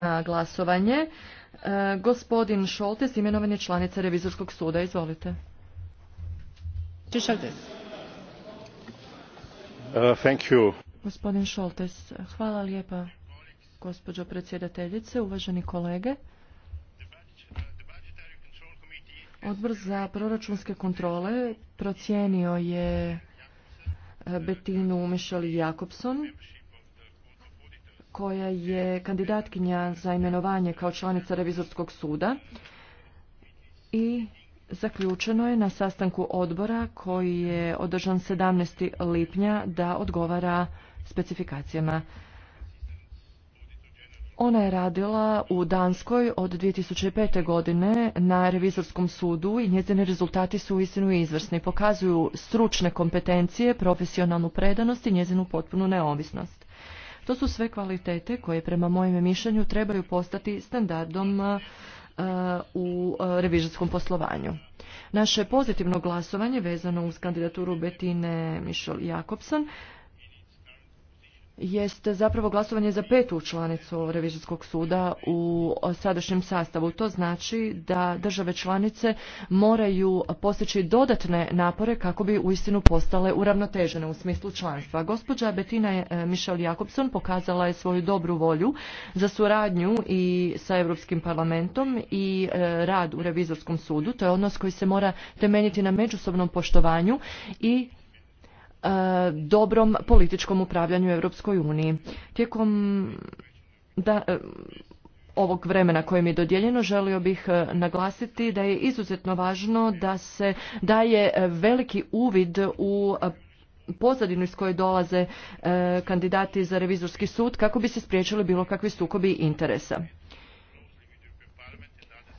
na glasovanje. E, gospodin Šoltes, imenovan je članica Revizorskog suda. Izvolite. Uh, gospodin Šoltes, hvala lijepa gospođo predsjedateljice, uvaženi kolege. Odbor za proračunske kontrole procijenio je e, Betinu Mišeli Jakobson koja je kandidatkinja za imenovanje kao članica revizorskog suda i zaključeno je na sastanku odbora koji je održan 17. lipnja da odgovara specifikacijama. Ona je radila u Danskoj od 2005. godine na revizorskom sudu i njezini rezultati su uistinu izvrsni. Pokazuju stručne kompetencije, profesionalnu predanost i njezinu potpunu neovisnost. To su sve kvalitete koje prema mojem mišljenju trebaju postati standardom e, u e, revizorskom poslovanju. Naše pozitivno glasovanje vezano uz kandidaturu Betine Mišel Jakobson jest zapravo glasovanje za petu članicu revizijskog suda u sadašnjem sastavu. To znači da države članice moraju postići dodatne napore kako bi uistinu postale uravnotežene u smislu članstva. Gospođa Betina eh, Mišel Jakobson pokazala je svoju dobru volju za suradnju i sa Europskim parlamentom i eh, rad u revizorskom sudu. To je odnos koji se mora temeljiti na međusobnom poštovanju i E, dobrom političkom upravljanju Europskoj uniji. Tijekom da, e, ovog vremena koje mi je dodijeljeno želio bih e, naglasiti da je izuzetno važno da se daje veliki uvid u pozadinu iz koje dolaze kandidati za revizorski sud kako bi se spriječili bilo kakvi sukobi interesa.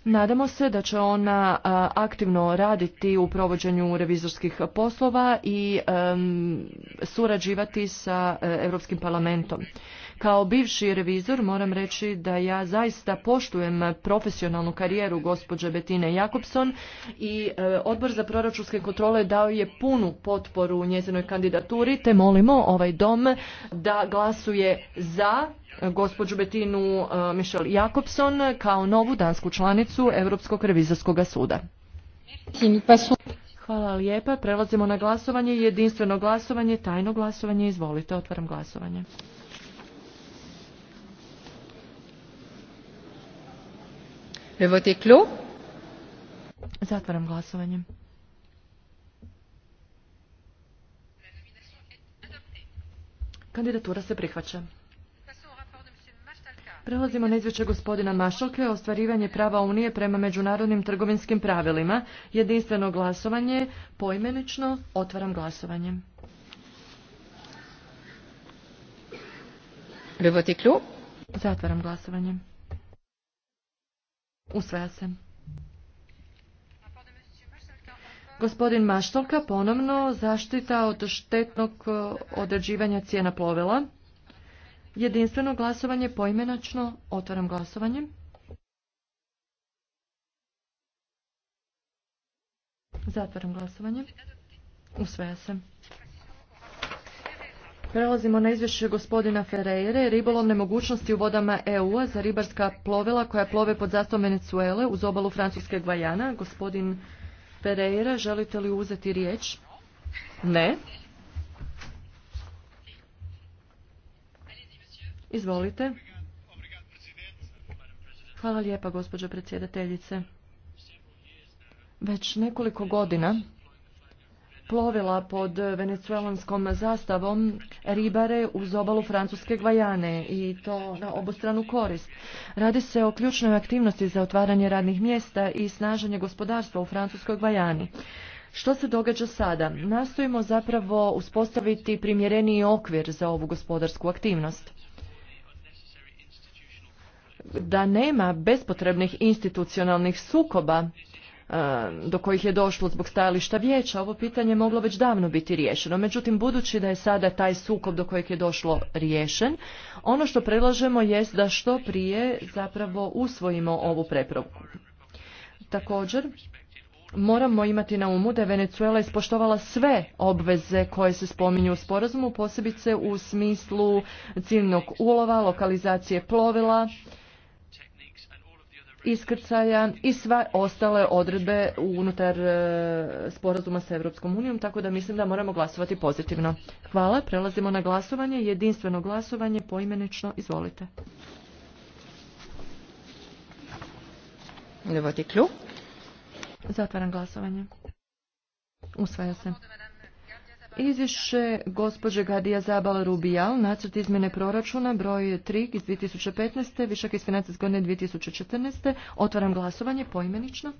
Nadamo se da će ona aktivno raditi u provođenju revizorskih poslova i surađivati sa e, Europskim parlamentom. Kao bivši revizor moram reći da ja zaista poštujem profesionalnu karijeru gospođe Betine Jakobson i e, odbor za proračunske kontrole dao je punu potporu njezinoj kandidaturi te molimo ovaj dom da glasuje za e, gospođu Betinu e, Michel Jakobson kao novu dansku članicu Europskog revizorskog suda. Hvala lijepa. Prelazimo na glasovanje. Jedinstveno glasovanje, tajno glasovanje. Izvolite, otvaram glasovanje. Zatvaram glasovanje. Kandidatura se prihvaća. Prelazimo na izvješće gospodina Mašalke o ostvarivanje prava Unije prema međunarodnim trgovinskim pravilima. Jedinstveno glasovanje, poimenično, otvaram glasovanje. Zatvaram glasovanje. Usvaja se. Gospodin Maštolka, ponovno zaštita od štetnog e, određivanja cijena plovila. Jedinstveno glasovanje poimenačno. Otvaram glasovanje. Zatvaram glasovanje. Usvaja se. Prelazimo na izvješće gospodina Ferreire, ribolovne mogućnosti u vodama EU-a za ribarska plovila koja plove pod zastavom Venezuele uz obalu Francuske Gvajana. Gospodin Ferreira, želite li uzeti riječ? Ne. Izvolite. Hvala lijepa, gospođo predsjedateljice. Već nekoliko godina plovila pod venecuelanskom zastavom ribare uz obalu Francuske Gvajane i to na obostranu korist. Radi se o ključnoj aktivnosti za otvaranje radnih mjesta i snaženje gospodarstva u Francuskoj Gvajani. Što se događa sada? Nastojimo zapravo uspostaviti primjereniji okvir za ovu gospodarsku aktivnost da nema bespotrebnih institucionalnih sukoba do kojih je došlo zbog stajališta vijeća, ovo pitanje moglo već davno biti riješeno. Međutim, budući da je sada taj sukob do kojeg je došlo riješen, ono što predlažemo jest da što prije zapravo usvojimo ovu preporuku. Također, moramo imati na umu da je Venezuela ispoštovala sve obveze koje se spominju u sporazumu, posebice u smislu ciljnog ulova, lokalizacije plovila, iskrcaja i sva ostale odredbe unutar e, sporazuma sa Evropskom unijom, tako da mislim da moramo glasovati pozitivno. Hvala, prelazimo na glasovanje, jedinstveno glasovanje, poimenično, izvolite. Zatvaram glasovanje. Usvaja se. Izvješće gospođe Gadija zabala Rubijal, nacrt izmjene proračuna, broj 3 iz 2015. Višak iz financijske godine 2014. Otvaram glasovanje poimenično.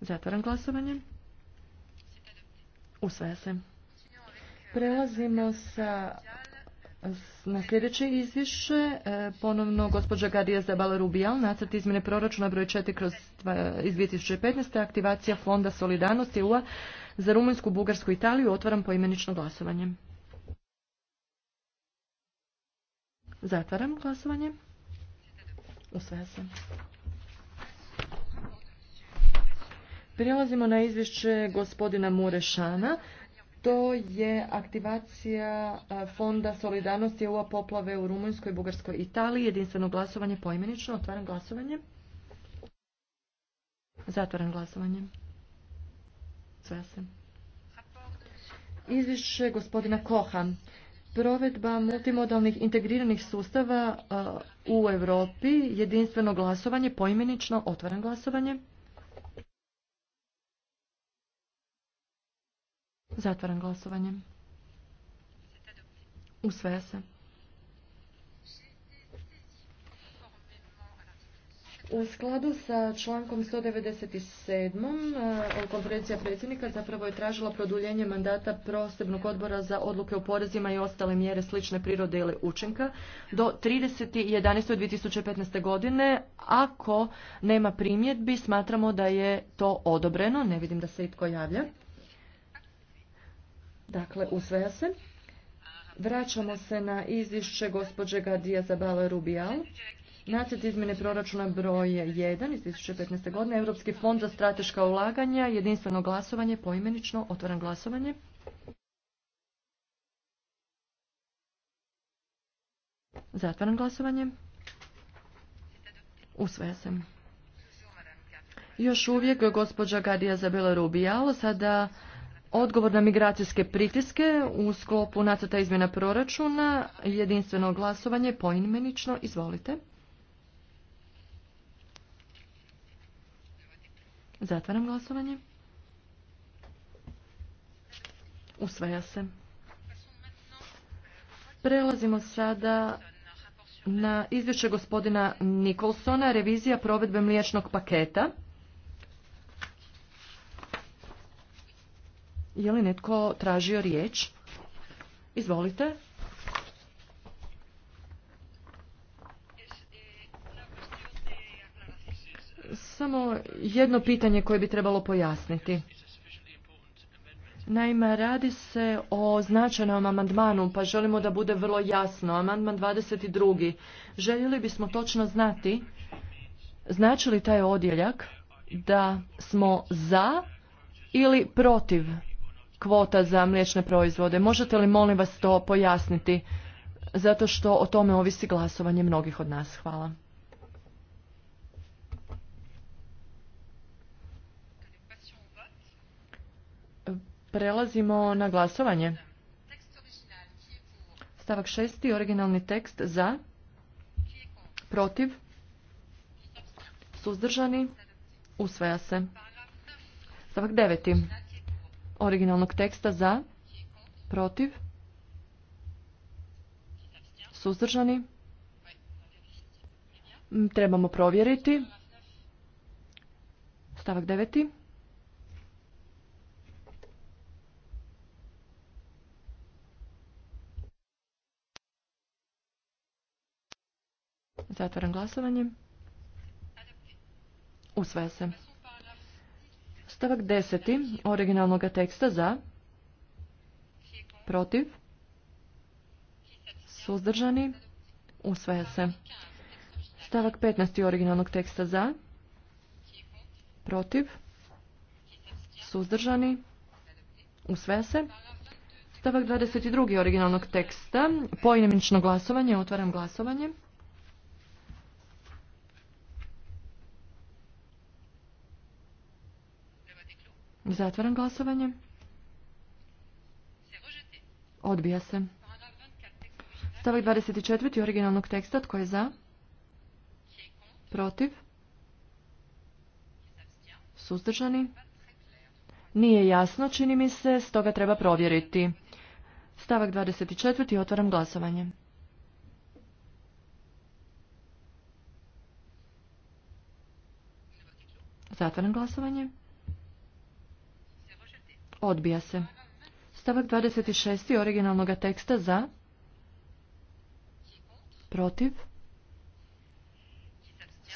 Zatvaram glasovanje. Usvaja se. Prelazimo sa na sljedeće izvješće, e, ponovno gospođa Gadija Zabala Rubijal, nacrt izmjene proračuna broj 4 kroz, iz 2015. aktivacija Fonda Solidarnosti ua za Rumunjsku, Bugarsku i Italiju. Otvaram poimenično glasovanje. Zatvaram glasovanje. Usvaja na izvješće gospodina Murešana to je aktivacija Fonda solidarnosti EU poplave u Rumunjskoj, Bugarskoj Italiji. Jedinstveno glasovanje poimenično. Otvaram glasovanje. Zatvaram glasovanje. Sve se. Izvješće gospodina Koha. Provedba multimodalnih integriranih sustava u Europi. Jedinstveno glasovanje poimenično. Otvaram glasovanje. Zatvaram glasovanje. Usvaja se. U skladu sa člankom 197. Eh, konferencija predsjednika zapravo je tražila produljenje mandata prosebnog odbora za odluke o porezima i ostale mjere slične prirode ili učinka do 30.11.2015. godine. Ako nema primjedbi, smatramo da je to odobreno. Ne vidim da se itko javlja. Dakle, usvaja se. Vraćamo se na izvješće gospođe Gadija Zabala Rubijal. Nacrt izmjene proračuna broj 1 iz 2015. godine. Europski fond za strateška ulaganja, jedinstveno glasovanje, poimenično, otvoran glasovanje. Zatvoran glasovanje. Usvaja se. Još uvijek gospođa Gadija Zabela Rubijal. Sada Odgovor na migracijske pritiske u sklopu nacrta izmjena proračuna, jedinstveno glasovanje, poimenično, izvolite. Zatvaram glasovanje. Usvaja se. Prelazimo sada na izvješće gospodina Nikolsona, revizija provedbe mliječnog paketa. Je li netko tražio riječ? Izvolite. Samo jedno pitanje koje bi trebalo pojasniti. Naime, radi se o značajnom amandmanu, pa želimo da bude vrlo jasno. Amandman 22. Željeli bismo točno znati, znači li taj odjeljak da smo za ili protiv kvota za mliječne proizvode. Možete li molim vas to pojasniti? Zato što o tome ovisi glasovanje mnogih od nas. Hvala. Prelazimo na glasovanje. Stavak šesti, originalni tekst za, protiv, suzdržani, usvaja se. Stavak deveti, originalnog teksta za, protiv, suzdržani. Trebamo provjeriti. Stavak deveti. Zatvaram glasovanje. Usvaja se. Stavak deseti originalnog teksta za, protiv, suzdržani, usvaja se. Stavak 15. originalnog teksta za, protiv, suzdržani, usvaja se. Stavak 22. originalnog teksta, poimenično glasovanje, otvaram glasovanje. Zatvaram glasovanje. Odbija se. Stavak 24. originalnog teksta. Tko je za? Protiv? Suzdržani? Nije jasno, čini mi se, stoga treba provjeriti. Stavak 24. Otvaram glasovanje. Zatvaram glasovanje. Odbija se. Stavak 26. originalnog teksta za. Protiv.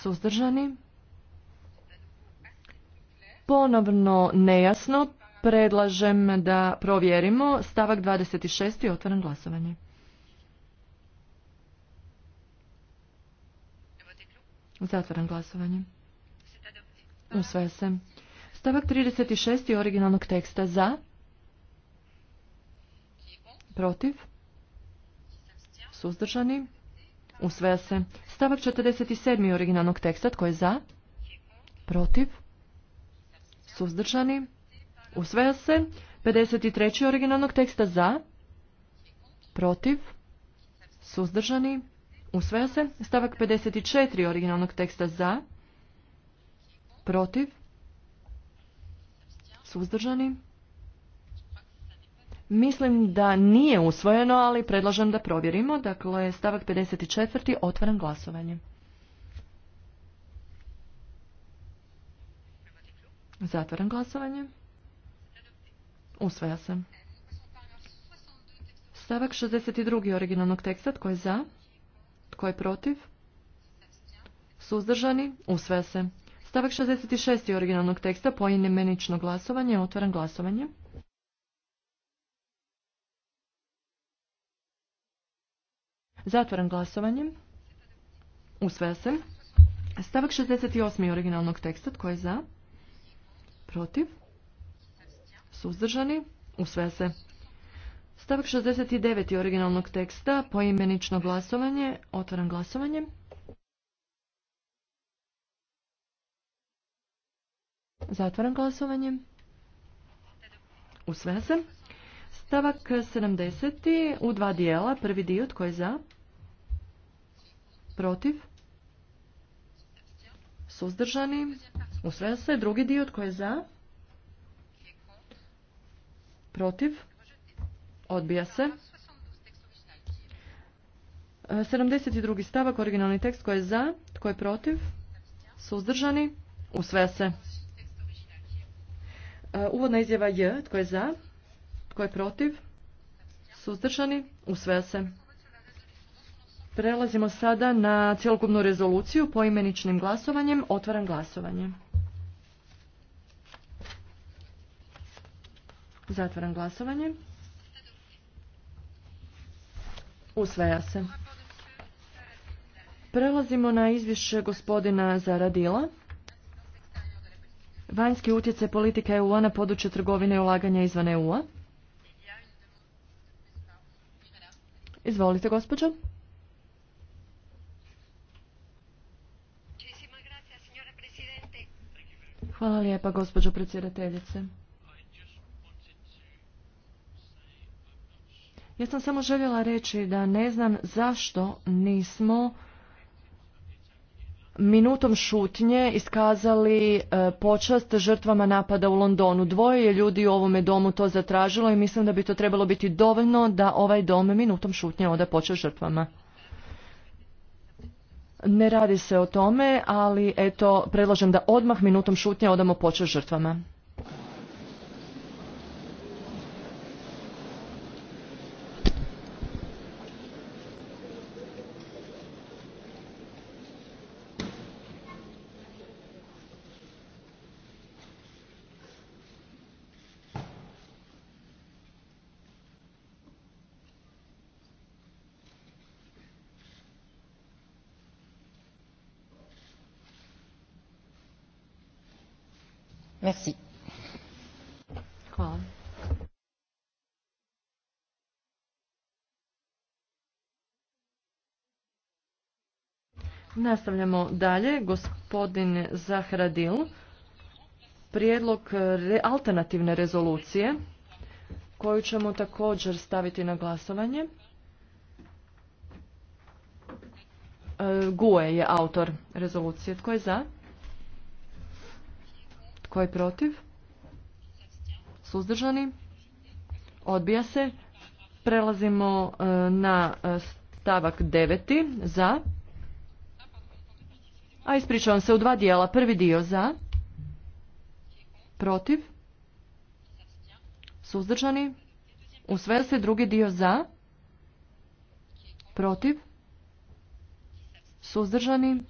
Suzdržani. Ponovno nejasno. Predlažem da provjerimo stavak 26. otvoren glasovanje. Zatvoren glasovanje. Usvaja se. Stavak 36. originalnog teksta za, protiv, suzdržani, usvaja se. Stavak 47. originalnog teksta tko je za, protiv, suzdržani, usvaja se. 53. originalnog teksta za, protiv, suzdržani, usvaja se. Stavak 54. originalnog teksta za, protiv, Suzdržani? Mislim da nije usvojeno, ali predlažem da provjerimo. Dakle, stavak 54. Otvaram glasovanje. Zatvaram glasovanje. Usvaja se. Stavak 62. originalnog teksta. Tko je za? Tko je protiv? Suzdržani? Usvaja se. Stavak 66. originalnog teksta poimenično glasovanje. Otvaram glasovanje. zatvoren glasovanje. Usvaja se. Stavak 68. originalnog teksta. Tko je za? Protiv? Suzdržani? Usvaja se. Stavak 69. originalnog teksta. Poimenično glasovanje. Otvaram glasovanje. Zatvaram glasovanje. Usvaja se. Stavak 70. u dva dijela. Prvi dio tko je za? Protiv? Suzdržani? Usvaja se. Drugi dio tko je za? Protiv? Odbija se. 72. stavak, originalni tekst, tko je za, tko je protiv, suzdržani, usvaja se. Uh, uvodna izjava je. Tko je za? Tko je protiv? Suzdržani? Usvaja se. Prelazimo sada na cjelokupnu rezoluciju po imeničnim glasovanjem. Otvaram glasovanje. Zatvaram glasovanje. Usvaja se. Prelazimo na izvješće gospodina Zaradila. Vanjski utjecaj politika EU-a na područje trgovine i ulaganja izvan EU-a. Izvolite, gospođo. Hvala lijepa, gospođo predsjedateljice. Ja sam samo željela reći da ne znam zašto nismo minutom šutnje iskazali e, počast žrtvama napada u Londonu. Dvoje je ljudi u ovome domu to zatražilo i mislim da bi to trebalo biti dovoljno da ovaj dom minutom šutnje oda počast žrtvama. Ne radi se o tome, ali eto, predlažem da odmah minutom šutnje odamo počast žrtvama. Merci. Hvala. Nastavljamo dalje. Gospodin Zahradil, prijedlog alternativne rezolucije koju ćemo također staviti na glasovanje. E, Gue je autor rezolucije. Tko je za? Tko je protiv? Suzdržani? Odbija se. Prelazimo e, na e, stavak deveti. Za. A ispričavam se u dva dijela. Prvi dio za. Protiv. Suzdržani. Usve se drugi dio za. Protiv. Suzdržani.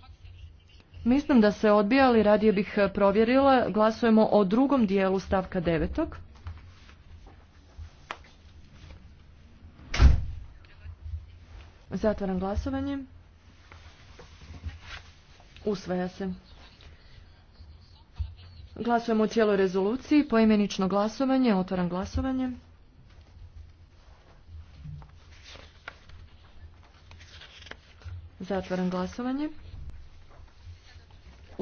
Mislim da se odbija, ali radije bih e, provjerila. Glasujemo o drugom dijelu stavka devetog. Zatvaram glasovanje. Usvaja se. Glasujemo o cijeloj rezoluciji. Poimenično glasovanje. Otvaram glasovanje. Zatvaram glasovanje.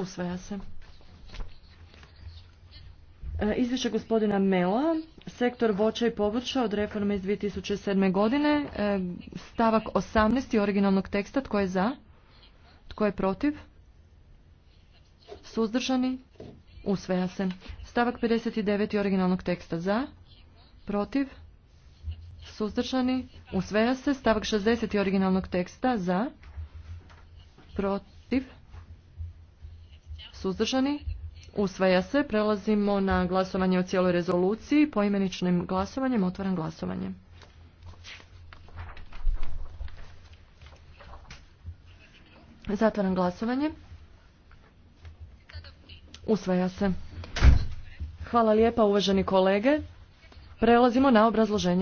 Usvaja se. E, izvješće gospodina Mela, sektor voća i povrća od reforme iz 2007. godine, e, stavak 18. originalnog teksta, tko je za, tko je protiv, suzdržani, usvaja se. Stavak 59. originalnog teksta, za, protiv, suzdržani, usvaja se. Stavak 60. originalnog teksta, za, protiv, Suzdržani? Usvaja se. Prelazimo na glasovanje o cijeloj rezoluciji. Poimeničnim glasovanjem otvaram glasovanje. Zatvaram glasovanje. Usvaja se. Hvala lijepa uvaženi kolege. Prelazimo na obrazloženje.